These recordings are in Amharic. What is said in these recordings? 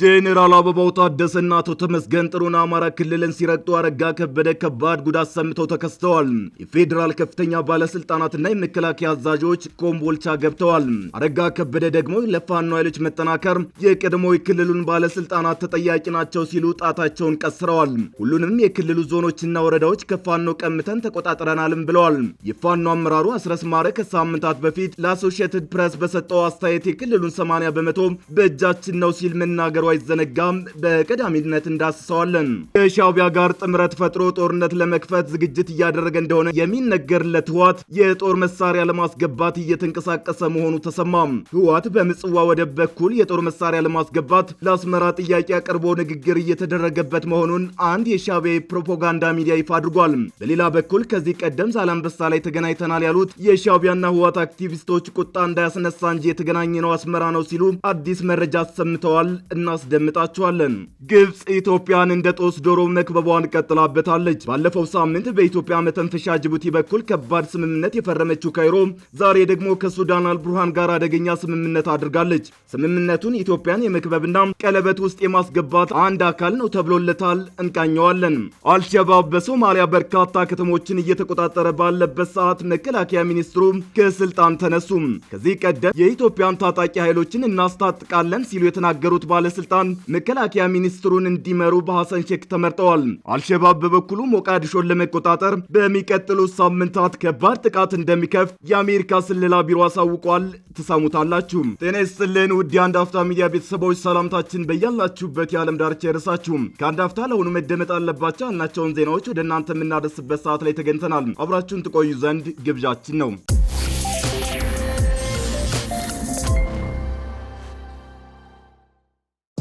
ጄኔራል አበባው ታደሰና አቶ ተመስገን ጥሩን አማራ ክልልን ሲረግጡ አረጋ ከበደ ከባድ ጉዳት ሰምተው ተከስተዋል። የፌዴራል ከፍተኛ ባለስልጣናትና የመከላከያ አዛዦች ኮምቦልቻ ገብተዋል። አረጋ ከበደ ደግሞ ለፋኖ ኃይሎች መጠናከር የቀድሞ የክልሉን ባለስልጣናት ተጠያቂ ናቸው ሲሉ ጣታቸውን ቀስረዋል። ሁሉንም የክልሉ ዞኖችና ወረዳዎች ከፋኖ ቀምተን ተቆጣጥረናልም ብለዋል። የፋኖ አመራሩ አስረስ ማረ ከሳምንታት በፊት ለአሶሺየትድ ፕሬስ በሰጠው አስተያየት የክልሉን 80 በመቶ በእጃችን ነው ሲል መናገር መናገሩ አይዘነጋም። በቀዳሚነት እንዳስሰዋለን። ከሻዕቢያ ጋር ጥምረት ፈጥሮ ጦርነት ለመክፈት ዝግጅት እያደረገ እንደሆነ የሚነገርለት ህዋት የጦር መሳሪያ ለማስገባት እየተንቀሳቀሰ መሆኑ ተሰማም። ህዋት በምጽዋ ወደብ በኩል የጦር መሳሪያ ለማስገባት ለአስመራ ጥያቄ አቅርቦ ንግግር እየተደረገበት መሆኑን አንድ የሻቢያ ፕሮፓጋንዳ ሚዲያ ይፋ አድርጓል። በሌላ በኩል ከዚህ ቀደም ዛላንበሳ ላይ ተገናኝተናል ያሉት የሻቢያና ህዋት አክቲቪስቶች ቁጣ እንዳያስነሳ እንጂ የተገናኘነው ነው አስመራ ነው ሲሉ አዲስ መረጃ አሰምተዋል እና እናስደምጣችኋለን። ግብፅ ኢትዮጵያን እንደ ጦስ ዶሮ መክበቧን ቀጥላበታለች። ባለፈው ሳምንት በኢትዮጵያ መተንፈሻ ጅቡቲ በኩል ከባድ ስምምነት የፈረመችው ካይሮ ዛሬ ደግሞ ከሱዳን አልቡርሃን ጋር አደገኛ ስምምነት አድርጋለች። ስምምነቱን ኢትዮጵያን የመክበብና ቀለበት ውስጥ የማስገባት አንድ አካል ነው ተብሎለታል። እንቃኘዋለን። አልሸባብ በሶማሊያ በርካታ ከተሞችን እየተቆጣጠረ ባለበት ሰዓት መከላከያ ሚኒስትሩ ከስልጣን ተነሱ። ከዚህ ቀደም የኢትዮጵያን ታጣቂ ኃይሎችን እናስታጥቃለን ሲሉ የተናገሩት ባለስልጣን ባለስልጣን መከላከያ ሚኒስትሩን እንዲመሩ በሐሰን ሼክ ተመርጠዋል። አልሸባብ በበኩሉ ሞቃዲሾን ለመቆጣጠር በሚቀጥሉ ሳምንታት ከባድ ጥቃት እንደሚከፍት የአሜሪካ ስለላ ቢሮ አሳውቋል። ትሰሙታላችሁ። ጤና ይስጥልን ውድ የአንድ አፍታ ሚዲያ ቤተሰቦች፣ ሰላምታችን በያላችሁበት የዓለም ዳርቻ ይድረሳችሁም። ከአንድ አፍታ ለሆኑ መደመጥ አለባቸው ያልናቸውን ዜናዎች ወደ እናንተ የምናደርስበት ሰዓት ላይ ተገኝተናል። አብራችሁን ትቆዩ ዘንድ ግብዣችን ነው።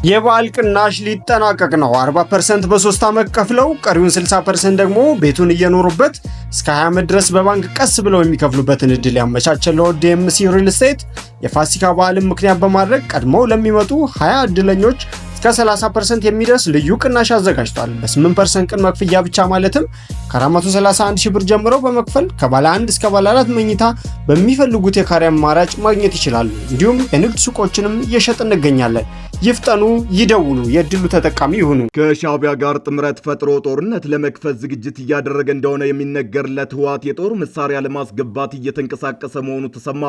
የበዓል ቅናሽ ሊጠናቀቅ ነው። 40% በሶስት ዓመት ከፍለው ቀሪውን 60% ደግሞ ቤቱን እየኖሩበት እስከ 20 ዓመት ድረስ በባንክ ቀስ ብለው የሚከፍሉበትን እድል ያመቻቸለው ዲኤምሲ ሪል ስቴት የፋሲካ በዓልን ምክንያት በማድረግ ቀድሞው ለሚመጡ 20 እድለኞች እስከ 30% የሚደርስ ልዩ ቅናሽ አዘጋጅቷል። በ8% ቅን መክፍያ ብቻ ማለትም ከ431 ሺህ ብር ጀምሮ በመክፈል ከባለ 1 እስከ ባለ 4 መኝታ በሚፈልጉት የካሬ አማራጭ ማግኘት ይችላሉ። እንዲሁም የንግድ ሱቆችንም እየሸጥ እንገኛለን። ይፍጠኑ፣ ይደውሉ፣ የድሉ ተጠቃሚ ይሁኑ። ከሻቢያ ጋር ጥምረት ፈጥሮ ጦርነት ለመክፈት ዝግጅት እያደረገ እንደሆነ የሚነገርለት ህዋት የጦር መሳሪያ ለማስገባት እየተንቀሳቀሰ መሆኑ ተሰማ።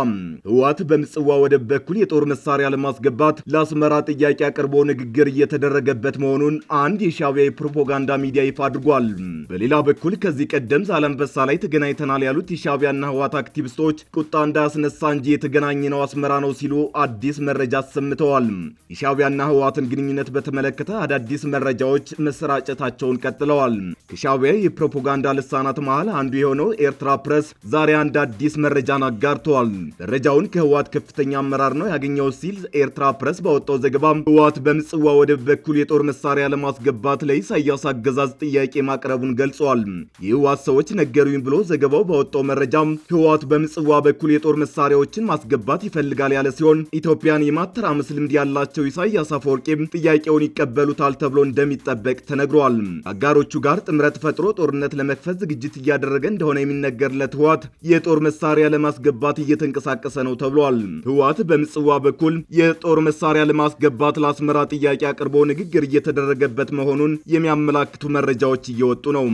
ህዋት በምጽዋ ወደብ በኩል የጦር መሳሪያ ለማስገባት ለአስመራ ጥያቄ አቅርቦ ንግግር ንግግር እየተደረገበት መሆኑን አንድ የሻቢያ የፕሮፓጋንዳ ሚዲያ ይፋ አድርጓል። በሌላ በኩል ከዚህ ቀደም ዛላንበሳ ላይ ተገናኝተናል ያሉት የሻቢያና ህዋት አክቲቪስቶች ቁጣ እንዳያስነሳ እንጂ የተገናኘነው አስመራ ነው ሲሉ አዲስ መረጃ አሰምተዋል። የሻቢያና ህዋትን ግንኙነት በተመለከተ አዳዲስ መረጃዎች መሰራጨታቸውን ቀጥለዋል። ከሻቢያ የፕሮፓጋንዳ ልሳናት መሃል አንዱ የሆነው ኤርትራ ፕረስ ዛሬ አንድ አዲስ መረጃን አጋርተዋል። መረጃውን ከህዋት ከፍተኛ አመራር ነው ያገኘው ሲል ኤርትራ ፕረስ ባወጣው ዘገባ ህዋት በምጽዋ ወደብ በኩል የጦር መሳሪያ ለማስገባት ለኢሳያስ አገዛዝ ጥያቄ ማቅረቡን ገልጿል። የህወሓት ሰዎች ነገሩኝ ብሎ ዘገባው ባወጣው መረጃ ህወሓት በምጽዋ በኩል የጦር መሳሪያዎችን ማስገባት ይፈልጋል ያለ ሲሆን ኢትዮጵያን የማተራመስ ልምድ ያላቸው ኢሳያስ አፈወርቂ ጥያቄውን ይቀበሉታል ተብሎ እንደሚጠበቅ ተነግሯል። አጋሮቹ ጋር ጥምረት ፈጥሮ ጦርነት ለመክፈት ዝግጅት እያደረገ እንደሆነ የሚነገርለት ህወሓት የጦር መሳሪያ ለማስገባት እየተንቀሳቀሰ ነው ተብሏል። ህወሓት በምጽዋ በኩል የጦር መሳሪያ ለማስገባት ለአስመራ ጥያቄ ጥያቄ አቅርቦ ንግግር እየተደረገበት መሆኑን የሚያመላክቱ መረጃዎች እየወጡ ነው።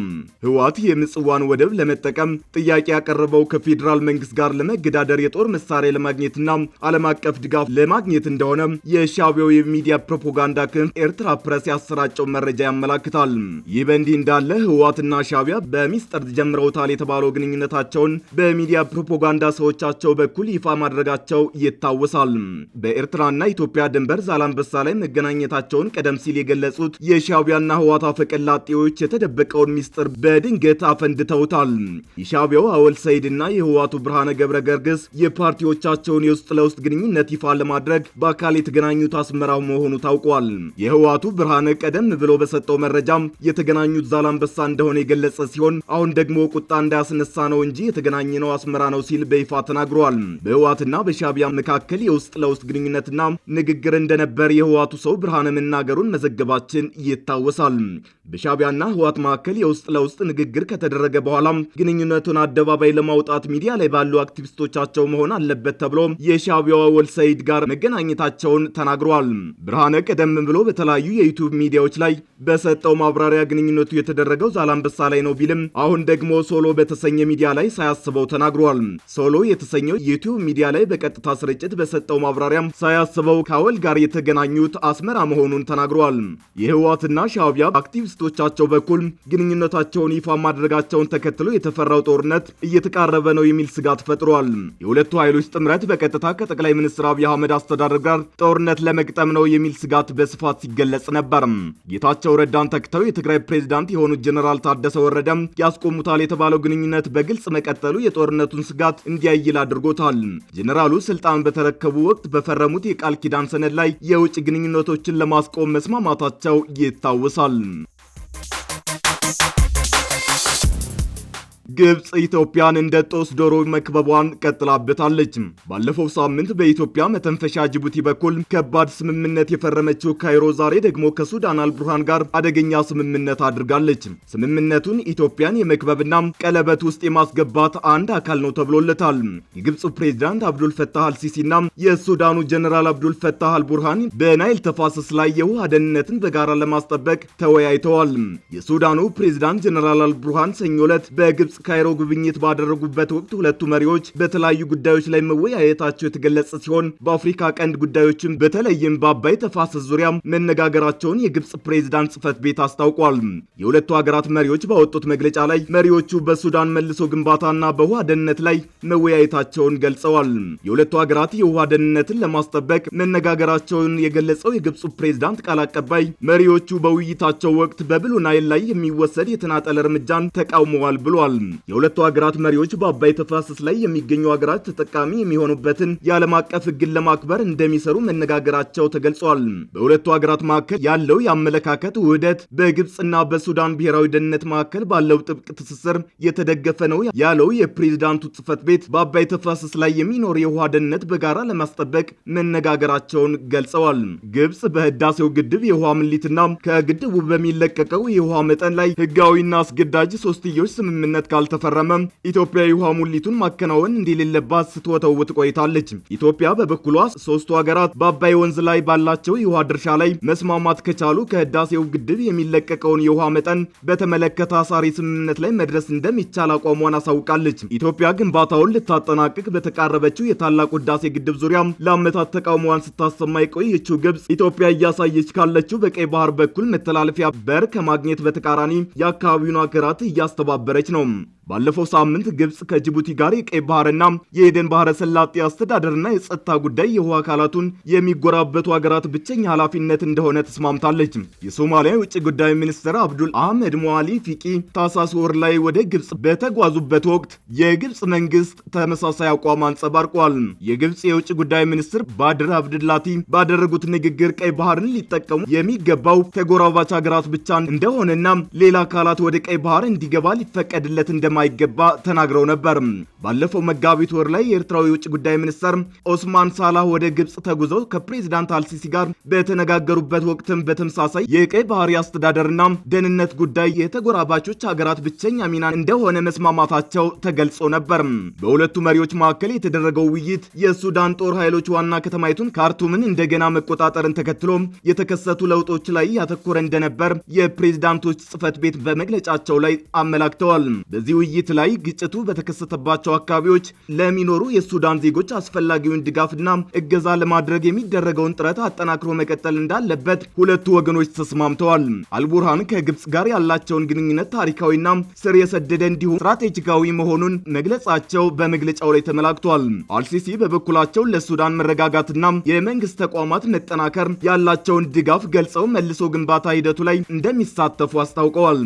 ህወሓት የምጽዋን ወደብ ለመጠቀም ጥያቄ ያቀረበው ከፌዴራል መንግስት ጋር ለመገዳደር የጦር መሳሪያ ለማግኘትና ዓለም አቀፍ ድጋፍ ለማግኘት እንደሆነ የሻቢያው የሚዲያ ፕሮፓጋንዳ ክንፍ ኤርትራ ፕረስ ያሰራጨው መረጃ ያመላክታል። ይህ በእንዲህ እንዳለ ህወሓትና ሻቢያ በሚስጥር ጀምረውታል የተባለው ግንኙነታቸውን በሚዲያ ፕሮፓጋንዳ ሰዎቻቸው በኩል ይፋ ማድረጋቸው ይታወሳል። በኤርትራና ኢትዮጵያ ድንበር ዛላንበሳ ላይ መገናኘት መግባታቸውን ቀደም ሲል የገለጹት የሻቢያና ህዋት አፈቀላጤዎች የተደበቀውን ሚስጥር በድንገት አፈንድተውታል። የሻቢያው አወል ሰይድና የህዋቱ ብርሃነ ገብረ ገርግስ የፓርቲዎቻቸውን የውስጥ ለውስጥ ግንኙነት ይፋ ለማድረግ በአካል የተገናኙት አስመራው መሆኑ ታውቋል። የህዋቱ ብርሃነ ቀደም ብሎ በሰጠው መረጃም የተገናኙት ዛላንበሳ እንደሆነ የገለጸ ሲሆን አሁን ደግሞ ቁጣ እንዳያስነሳ ነው እንጂ የተገናኘነው ነው አስመራ ነው ሲል በይፋ ተናግሯል። በህዋትና በሻቢያ መካከል የውስጥ ለውስጥ ግንኙነትና ንግግር እንደነበር የህዋቱ ሰው ብርሃነ መናገሩን መዘገባችን ይታወሳል። በሻቢያና ህዋት መካከል የውስጥ ለውስጥ ንግግር ከተደረገ በኋላ ግንኙነቱን አደባባይ ለማውጣት ሚዲያ ላይ ባሉ አክቲቪስቶቻቸው መሆን አለበት ተብሎ የሻቢያዋ ወልሰይድ ጋር መገናኘታቸውን ተናግረዋል። ብርሃነ ቀደም ብሎ በተለያዩ የዩቱብ ሚዲያዎች ላይ በሰጠው ማብራሪያ ግንኙነቱ የተደረገው ዛላንበሳ ላይ ነው ቢልም አሁን ደግሞ ሶሎ በተሰኘ ሚዲያ ላይ ሳያስበው ተናግሯል። ሶሎ የተሰኘው ዩቱብ ሚዲያ ላይ በቀጥታ ስርጭት በሰጠው ማብራሪያም ሳያስበው ካወል ጋር የተገናኙት አስመራ መሆኑን ተናግረዋል። የህወሓትና ሻዕቢያ አክቲቪስቶቻቸው በኩል ግንኙነታቸውን ይፋ ማድረጋቸውን ተከትሎ የተፈራው ጦርነት እየተቃረበ ነው የሚል ስጋት ፈጥሯል። የሁለቱ ኃይሎች ጥምረት በቀጥታ ከጠቅላይ ሚኒስትር አብይ አህመድ አስተዳደር ጋር ጦርነት ለመግጠም ነው የሚል ስጋት በስፋት ሲገለጽ ነበር። ጌታቸው ረዳን ተክተው የትግራይ ፕሬዚዳንት የሆኑት ጀኔራል ታደሰ ወረደም ያስቆሙታል የተባለው ግንኙነት በግልጽ መቀጠሉ የጦርነቱን ስጋት እንዲያይል አድርጎታል። ጀኔራሉ ስልጣን በተረከቡ ወቅት በፈረሙት የቃል ኪዳን ሰነድ ላይ የውጭ ግንኙነቶችን ለማስቆም መስማማታቸው ይታወሳል። ግብፅ ኢትዮጵያን እንደ ጦስ ዶሮ መክበቧን ቀጥላበታለች። ባለፈው ሳምንት በኢትዮጵያ መተንፈሻ ጅቡቲ በኩል ከባድ ስምምነት የፈረመችው ካይሮ ዛሬ ደግሞ ከሱዳን አልቡርሃን ጋር አደገኛ ስምምነት አድርጋለች። ስምምነቱን ኢትዮጵያን የመክበብና ቀለበት ውስጥ የማስገባት አንድ አካል ነው ተብሎለታል። የግብፁ ፕሬዚዳንት አብዱል ፈታህ አልሲሲና የሱዳኑ ጀኔራል አብዱል አልቡርሃን በናይል ተፋሰስ ላይ የውሃ ደህንነትን በጋራ ለማስጠበቅ ተወያይተዋል። የሱዳኑ ፕሬዚዳንት ጀኔራል አልቡርሃን ሰኞ ዕለት በግብፅ ግብጽ ካይሮ ጉብኝት ባደረጉበት ወቅት ሁለቱ መሪዎች በተለያዩ ጉዳዮች ላይ መወያየታቸው የተገለጸ ሲሆን በአፍሪካ ቀንድ ጉዳዮችም በተለይም በአባይ ተፋሰስ ዙሪያ መነጋገራቸውን የግብጽ ፕሬዚዳንት ጽህፈት ቤት አስታውቋል። የሁለቱ ሀገራት መሪዎች ባወጡት መግለጫ ላይ መሪዎቹ በሱዳን መልሶ ግንባታና በውሃ ደህንነት ላይ መወያየታቸውን ገልጸዋል። የሁለቱ ሀገራት የውሃ ደህንነትን ለማስጠበቅ መነጋገራቸውን የገለጸው የግብጹ ፕሬዚዳንት ቃል አቀባይ መሪዎቹ በውይይታቸው ወቅት በብሉ ናይል ላይ የሚወሰድ የተናጠለ እርምጃን ተቃውመዋል ብሏል። የሁለቱ ሀገራት መሪዎች በአባይ ተፋሰስ ላይ የሚገኙ ሀገራት ተጠቃሚ የሚሆኑበትን የዓለም አቀፍ ሕግን ለማክበር እንደሚሰሩ መነጋገራቸው ተገልጿል። በሁለቱ ሀገራት መካከል ያለው የአመለካከት ውህደት በግብፅና በሱዳን ብሔራዊ ደህንነት መካከል ባለው ጥብቅ ትስስር የተደገፈ ነው ያለው የፕሬዚዳንቱ ጽህፈት ቤት በአባይ ተፋሰስ ላይ የሚኖር የውሃ ደህንነት በጋራ ለማስጠበቅ መነጋገራቸውን ገልጸዋል። ግብፅ በህዳሴው ግድብ የውሃ ምሊትና ከግድቡ በሚለቀቀው የውሃ መጠን ላይ ህጋዊና አስገዳጅ ሶስትዮሽ ስምምነት ካልተፈረመም ኢትዮጵያ የውሃ ሙሊቱን ማከናወን እንደሌለባት ስትወተውት ቆይታለች። ኢትዮጵያ በበኩሏ ሶስቱ ሀገራት በአባይ ወንዝ ላይ ባላቸው የውሃ ድርሻ ላይ መስማማት ከቻሉ ከህዳሴው ግድብ የሚለቀቀውን የውሃ መጠን በተመለከተ አሳሪ ስምምነት ላይ መድረስ እንደሚቻል አቋሟን አሳውቃለች። ኢትዮጵያ ግንባታውን ልታጠናቅቅ በተቃረበችው የታላቁ ህዳሴ ግድብ ዙሪያ ለአመታት ተቃውሞዋን ስታሰማ የቆየችው ግብጽ ኢትዮጵያ እያሳየች ካለችው በቀይ ባህር በኩል መተላለፊያ በር ከማግኘት በተቃራኒ የአካባቢውን ሀገራት እያስተባበረች ነው። ባለፈው ሳምንት ግብጽ ከጅቡቲ ጋር የቀይ ባህርና የኤደን ባህረ ሰላጤ አስተዳደርና የጸጥታ ጉዳይ የውሃ አካላቱን የሚጎራበቱ ሀገራት ብቸኛ ኃላፊነት እንደሆነ ተስማምታለች። የሶማሊያ የውጭ ጉዳይ ሚኒስትር አብዱል አህመድ ሞዋሊ ፊቂ ታሳስ ወር ላይ ወደ ግብጽ በተጓዙበት ወቅት የግብጽ መንግስት ተመሳሳይ አቋም አንጸባርቋል። የግብጽ የውጭ ጉዳይ ሚኒስትር ባድር አብድላቲ ባደረጉት ንግግር ቀይ ባህርን ሊጠቀሙ የሚገባው ተጎራባች ሀገራት ብቻ እንደሆነና ሌላ አካላት ወደ ቀይ ባህር እንዲገባ ሊፈቀድለት እንደማይገባ ተናግረው ነበር። ባለፈው መጋቢት ወር ላይ የኤርትራው የውጭ ጉዳይ ሚኒስተር ኦስማን ሳላህ ወደ ግብፅ ተጉዘው ከፕሬዚዳንት አልሲሲ ጋር በተነጋገሩበት ወቅትም በተመሳሳይ የቀይ ባህር አስተዳደርና ደህንነት ጉዳይ የተጎራባቾች ሀገራት ብቸኛ ሚና እንደሆነ መስማማታቸው ተገልጾ ነበር። በሁለቱ መሪዎች መካከል የተደረገው ውይይት የሱዳን ጦር ኃይሎች ዋና ከተማይቱን ካርቱምን እንደገና መቆጣጠርን ተከትሎ የተከሰቱ ለውጦች ላይ ያተኮረ እንደነበር የፕሬዚዳንቶች ጽህፈት ቤት በመግለጫቸው ላይ አመላክተዋል። በዚህ ውይይት ላይ ግጭቱ በተከሰተባቸው አካባቢዎች ለሚኖሩ የሱዳን ዜጎች አስፈላጊውን ድጋፍና እገዛ ለማድረግ የሚደረገውን ጥረት አጠናክሮ መቀጠል እንዳለበት ሁለቱ ወገኖች ተስማምተዋል። አልቡርሃን ከግብፅ ጋር ያላቸውን ግንኙነት ታሪካዊና ስር የሰደደ እንዲሁም ስትራቴጂካዊ መሆኑን መግለጻቸው በመግለጫው ላይ ተመላክቷል። አልሲሲ በበኩላቸው ለሱዳን መረጋጋትና የመንግስት ተቋማት መጠናከር ያላቸውን ድጋፍ ገልጸው መልሶ ግንባታ ሂደቱ ላይ እንደሚሳተፉ አስታውቀዋል።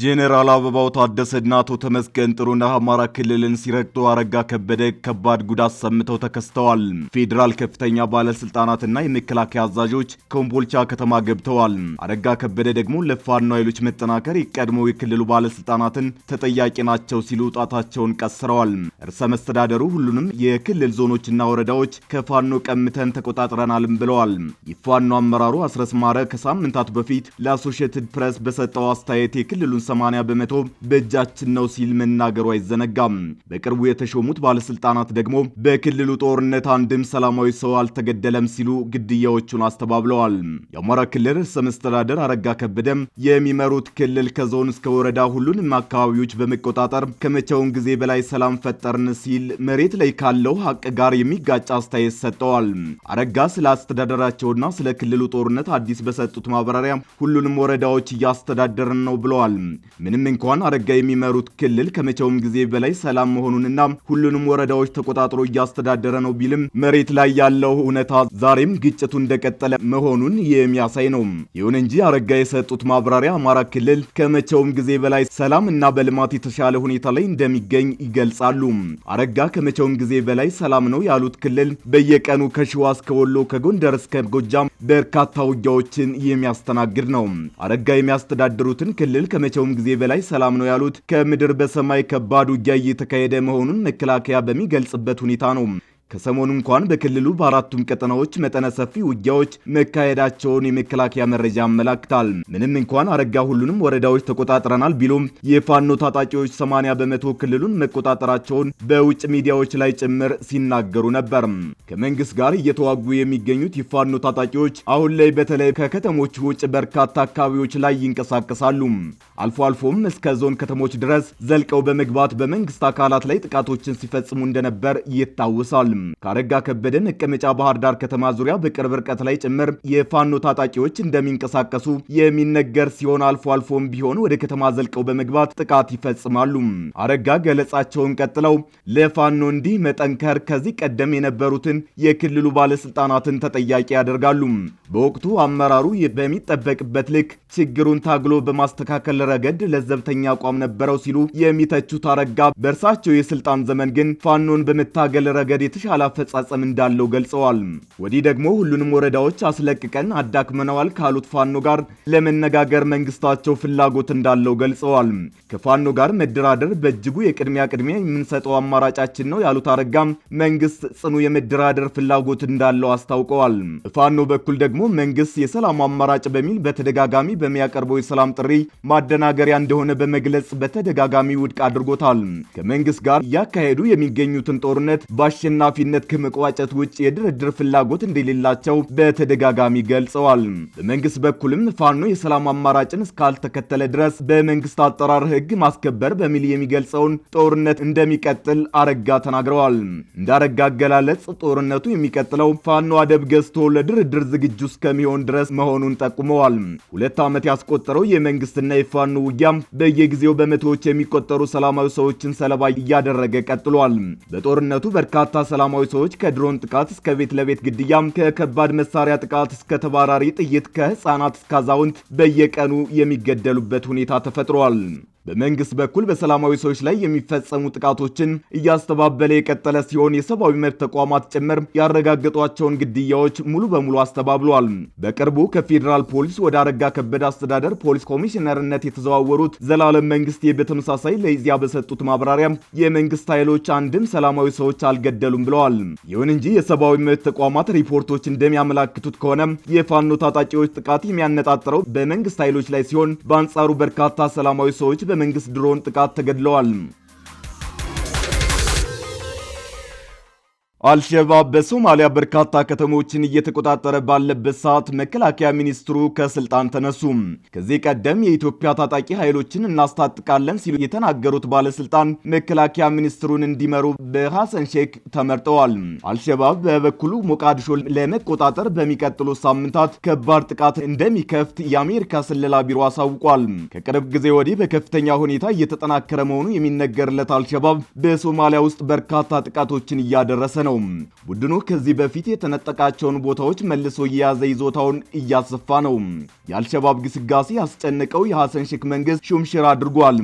ጄኔራል አበባው ታደሰና አቶ ተመስገን ጥሩነህ አማራ ክልልን ሲረግጡ አረጋ ከበደ ከባድ ጉዳት ሰምተው ተከስተዋል። ፌዴራል ከፍተኛ ባለስልጣናትና የመከላከያ አዛዦች ኮምቦልቻ ከተማ ገብተዋል። አረጋ ከበደ ደግሞ ለፋኖ ኃይሎች መጠናከር የቀድሞው የክልሉ ባለስልጣናትን ተጠያቂ ናቸው ሲሉ ጣታቸውን ቀስረዋል። እርሰ መስተዳደሩ ሁሉንም የክልል ዞኖችና ወረዳዎች ከፋኖ ቀምተን ተቆጣጥረናልም ብለዋል። የፋኖ አመራሩ አስረስ ማረ ከሳምንታት በፊት ለአሶሺየትድ ፕሬስ በሰጠው አስተያየት የክልሉን 80 በመቶ በእጃችን ነው ሲል መናገሩ አይዘነጋም። በቅርቡ የተሾሙት ባለስልጣናት ደግሞ በክልሉ ጦርነት አንድም ሰላማዊ ሰው አልተገደለም ሲሉ ግድያዎቹን አስተባብለዋል። የአማራ ክልል ርዕሰ መስተዳደር አረጋ ከበደም የሚመሩት ክልል ከዞን እስከ ወረዳ ሁሉንም አካባቢዎች በመቆጣጠር ከመቼውን ጊዜ በላይ ሰላም ፈጠረ ተጻረርን ሲል መሬት ላይ ካለው ሀቅ ጋር የሚጋጭ አስተያየት ሰጠዋል። አረጋ ስለ አስተዳደራቸውና ስለ ክልሉ ጦርነት አዲስ በሰጡት ማብራሪያ ሁሉንም ወረዳዎች እያስተዳደርን ነው ብለዋል። ምንም እንኳን አረጋ የሚመሩት ክልል ከመቼውም ጊዜ በላይ ሰላም መሆኑንና ሁሉንም ወረዳዎች ተቆጣጥሮ እያስተዳደረ ነው ቢልም መሬት ላይ ያለው እውነታ ዛሬም ግጭቱ እንደቀጠለ መሆኑን የሚያሳይ ነው። ይሁን እንጂ አረጋ የሰጡት ማብራሪያ አማራ ክልል ከመቼውም ጊዜ በላይ ሰላም እና በልማት የተሻለ ሁኔታ ላይ እንደሚገኝ ይገልጻሉ። አረጋ ከመቼውም ጊዜ በላይ ሰላም ነው ያሉት ክልል በየቀኑ ከሸዋ እስከ ወሎ ከጎንደር እስከ ጎጃም በርካታ ውጊያዎችን የሚያስተናግድ ነው። አረጋ የሚያስተዳድሩትን ክልል ከመቼውም ጊዜ በላይ ሰላም ነው ያሉት ከምድር በሰማይ ከባድ ውጊያ እየተካሄደ መሆኑን መከላከያ በሚገልጽበት ሁኔታ ነው። ከሰሞኑ እንኳን በክልሉ በአራቱም ቀጠናዎች መጠነ ሰፊ ውጊያዎች መካሄዳቸውን የመከላከያ መረጃ ያመላክታል። ምንም እንኳን አረጋ ሁሉንም ወረዳዎች ተቆጣጥረናል ቢሎም የፋኖ ታጣቂዎች 80 በመቶ ክልሉን መቆጣጠራቸውን በውጭ ሚዲያዎች ላይ ጭምር ሲናገሩ ነበር። ከመንግስት ጋር እየተዋጉ የሚገኙት የፋኖ ታጣቂዎች አሁን ላይ በተለይ ከከተሞች ውጭ በርካታ አካባቢዎች ላይ ይንቀሳቀሳሉ። አልፎ አልፎም እስከ ዞን ከተሞች ድረስ ዘልቀው በመግባት በመንግስት አካላት ላይ ጥቃቶችን ሲፈጽሙ እንደነበር ይታወሳል። ከአረጋ ከበደ መቀመጫ ባህር ዳር ከተማ ዙሪያ በቅርብ ርቀት ላይ ጭምር የፋኖ ታጣቂዎች እንደሚንቀሳቀሱ የሚነገር ሲሆን አልፎ አልፎም ቢሆን ወደ ከተማ ዘልቀው በመግባት ጥቃት ይፈጽማሉ። አረጋ ገለጻቸውን ቀጥለው ለፋኖ እንዲህ መጠንከር ከዚህ ቀደም የነበሩትን የክልሉ ባለስልጣናትን ተጠያቂ ያደርጋሉ። በወቅቱ አመራሩ በሚጠበቅበት ልክ ችግሩን ታግሎ በማስተካከል ረገድ ለዘብተኛ አቋም ነበረው ሲሉ የሚተቹት አረጋ በእርሳቸው የስልጣን ዘመን ግን ፋኖን በመታገል ረገድ የተ የተሻለ አፈጻጸም እንዳለው ገልጸዋል። ወዲህ ደግሞ ሁሉንም ወረዳዎች አስለቅቀን አዳክመነዋል ካሉት ፋኖ ጋር ለመነጋገር መንግስታቸው ፍላጎት እንዳለው ገልጸዋል። ከፋኖ ጋር መደራደር በእጅጉ የቅድሚያ ቅድሚያ የምንሰጠው አማራጫችን ነው ያሉት አረጋም መንግስት ጽኑ የመደራደር ፍላጎት እንዳለው አስታውቀዋል። በፋኖ በኩል ደግሞ መንግስት የሰላም አማራጭ በሚል በተደጋጋሚ በሚያቀርበው የሰላም ጥሪ ማደናገሪያ እንደሆነ በመግለጽ በተደጋጋሚ ውድቅ አድርጎታል። ከመንግስት ጋር እያካሄዱ የሚገኙትን ጦርነት በአሸናፊ ኃላፊነት ከመቋጨት ውጭ የድርድር ፍላጎት እንደሌላቸው በተደጋጋሚ ገልጸዋል። በመንግስት በኩልም ፋኖ የሰላም አማራጭን እስካልተከተለ ድረስ በመንግስት አጠራር ሕግ ማስከበር በሚል የሚገልጸውን ጦርነት እንደሚቀጥል አረጋ ተናግረዋል። እንዳረጋ አገላለጽ ጦርነቱ የሚቀጥለው ፋኖ አደብ ገዝቶ ለድርድር ዝግጁ እስከሚሆን ድረስ መሆኑን ጠቁመዋል። ሁለት ዓመት ያስቆጠረው የመንግስትና የፋኖ ውጊያም በየጊዜው በመቶዎች የሚቆጠሩ ሰላማዊ ሰዎችን ሰለባ እያደረገ ቀጥሏል። በጦርነቱ በርካታ ሰላ ሰላማዊ ሰዎች ከድሮን ጥቃት እስከ ቤት ለቤት ግድያ፣ ከከባድ መሳሪያ ጥቃት እስከ ተባራሪ ጥይት፣ ከህፃናት እስከ አዛውንት በየቀኑ የሚገደሉበት ሁኔታ ተፈጥሯል። በመንግስት በኩል በሰላማዊ ሰዎች ላይ የሚፈጸሙ ጥቃቶችን እያስተባበለ የቀጠለ ሲሆን የሰብአዊ መብት ተቋማት ጭምር ያረጋገጧቸውን ግድያዎች ሙሉ በሙሉ አስተባብሏል። በቅርቡ ከፌዴራል ፖሊስ ወደ አረጋ ከበደ አስተዳደር ፖሊስ ኮሚሽነርነት የተዘዋወሩት ዘላለም መንግስቴ በተመሳሳይ ለዚያ በሰጡት ማብራሪያ የመንግስት ኃይሎች አንድም ሰላማዊ ሰዎች አልገደሉም ብለዋል። ይሁን እንጂ የሰብአዊ መብት ተቋማት ሪፖርቶች እንደሚያመላክቱት ከሆነ የፋኖ ታጣቂዎች ጥቃት የሚያነጣጥረው በመንግስት ኃይሎች ላይ ሲሆን፣ በአንጻሩ በርካታ ሰላማዊ ሰዎች በመንግስት ድሮን ጥቃት ተገድለዋል። አልሸባብ በሶማሊያ በርካታ ከተሞችን እየተቆጣጠረ ባለበት ሰዓት መከላከያ ሚኒስትሩ ከስልጣን ተነሱ። ከዚህ ቀደም የኢትዮጵያ ታጣቂ ኃይሎችን እናስታጥቃለን ሲሉ የተናገሩት ባለስልጣን መከላከያ ሚኒስትሩን እንዲመሩ በሐሰን ሼክ ተመርጠዋል። አልሸባብ በበኩሉ ሞቃዲሾ ለመቆጣጠር በሚቀጥሉ ሳምንታት ከባድ ጥቃት እንደሚከፍት የአሜሪካ ስለላ ቢሮ አሳውቋል። ከቅርብ ጊዜ ወዲህ በከፍተኛ ሁኔታ እየተጠናከረ መሆኑ የሚነገርለት አልሸባብ በሶማሊያ ውስጥ በርካታ ጥቃቶችን እያደረሰ ነው። ነው። ቡድኑ ከዚህ በፊት የተነጠቃቸውን ቦታዎች መልሶ እየያዘ ይዞታውን እያሰፋ ነው። የአልሸባብ ግስጋሴ ያስጨነቀው የሐሰን ሼክ መንግስት ሹምሽር አድርጓል።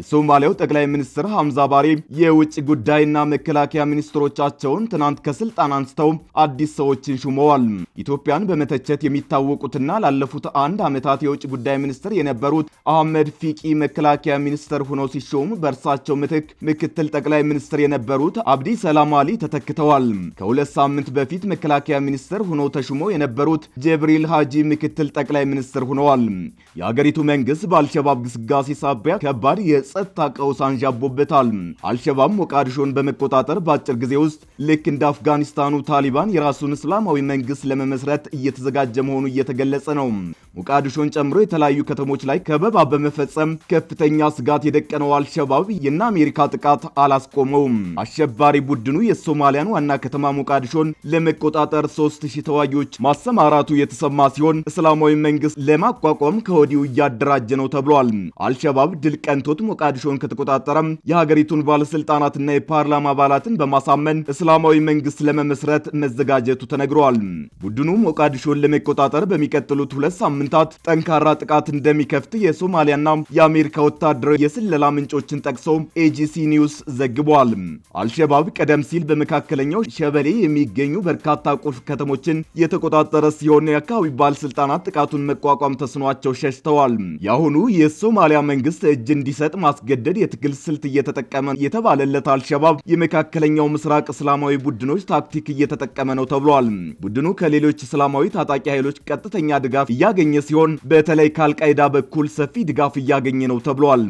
የሶማሊያው ጠቅላይ ሚኒስትር ሐምዛ ባሬ የውጭ ጉዳይና መከላከያ ሚኒስትሮቻቸውን ትናንት ከስልጣን አንስተው አዲስ ሰዎችን ሹመዋል። ኢትዮጵያን በመተቸት የሚታወቁትና ላለፉት አንድ ዓመታት የውጭ ጉዳይ ሚኒስትር የነበሩት አህመድ ፊቂ መከላከያ ሚኒስትር ሆነው ሲሾሙ በእርሳቸው ምትክ ምክትል ጠቅላይ ሚኒስትር የነበሩት አብዲ ሰላም አሊ ተተክተዋል። ተናግረዋል። ከሁለት ሳምንት በፊት መከላከያ ሚኒስትር ሆነው ተሹሞ የነበሩት ጀብሪል ሃጂ ምክትል ጠቅላይ ሚኒስትር ሆነዋል። የአገሪቱ መንግስት በአልሸባብ ግስጋሴ ሳቢያ ከባድ የጸጥታ ቀውስ አንዣቦበታል። አልሸባብ ሞቃዲሾን በመቆጣጠር በአጭር ጊዜ ውስጥ ልክ እንደ አፍጋኒስታኑ ታሊባን የራሱን እስላማዊ መንግስት ለመመስረት እየተዘጋጀ መሆኑ እየተገለጸ ነው። ሞቃዲሾን ጨምሮ የተለያዩ ከተሞች ላይ ከበባ በመፈጸም ከፍተኛ ስጋት የደቀነው አልሸባብ የእነ አሜሪካ ጥቃት አላስቆመውም። አሸባሪ ቡድኑ የሶማሊያን ዋና ዋና ከተማ ሞቃዲሾን ለመቆጣጠር 3000 ተዋጊዎች ማሰማራቱ የተሰማ ሲሆን እስላማዊ መንግስት ለማቋቋም ከወዲሁ እያደራጀ ነው ተብሏል። አልሸባብ ድል ቀንቶት ሞቃዲሾን ከተቆጣጠረም የሀገሪቱን ባለስልጣናትና የፓርላማ አባላትን በማሳመን እስላማዊ መንግስት ለመመስረት መዘጋጀቱ ተነግሯል። ቡድኑ ሞቃዲሾን ለመቆጣጠር በሚቀጥሉት ሁለት ሳምንታት ጠንካራ ጥቃት እንደሚከፍት የሶማሊያና የአሜሪካ ወታደራዊ የስለላ ምንጮችን ጠቅሶ ኤጂሲ ኒውስ ዘግቧል። አልሸባብ ቀደም ሲል በመካከለኛው በሚገኘው ሸበሌ የሚገኙ በርካታ ቁልፍ ከተሞችን የተቆጣጠረ ሲሆን የአካባቢ ባለስልጣናት ጥቃቱን መቋቋም ተስኗቸው ሸሽተዋል። የአሁኑ የሶማሊያ መንግስት እጅ እንዲሰጥ ማስገደድ የትግል ስልት እየተጠቀመ የተባለለት አልሸባብ የመካከለኛው ምስራቅ እስላማዊ ቡድኖች ታክቲክ እየተጠቀመ ነው ተብሏል። ቡድኑ ከሌሎች እስላማዊ ታጣቂ ኃይሎች ቀጥተኛ ድጋፍ እያገኘ ሲሆን በተለይ ከአልቃይዳ በኩል ሰፊ ድጋፍ እያገኘ ነው ተብሏል።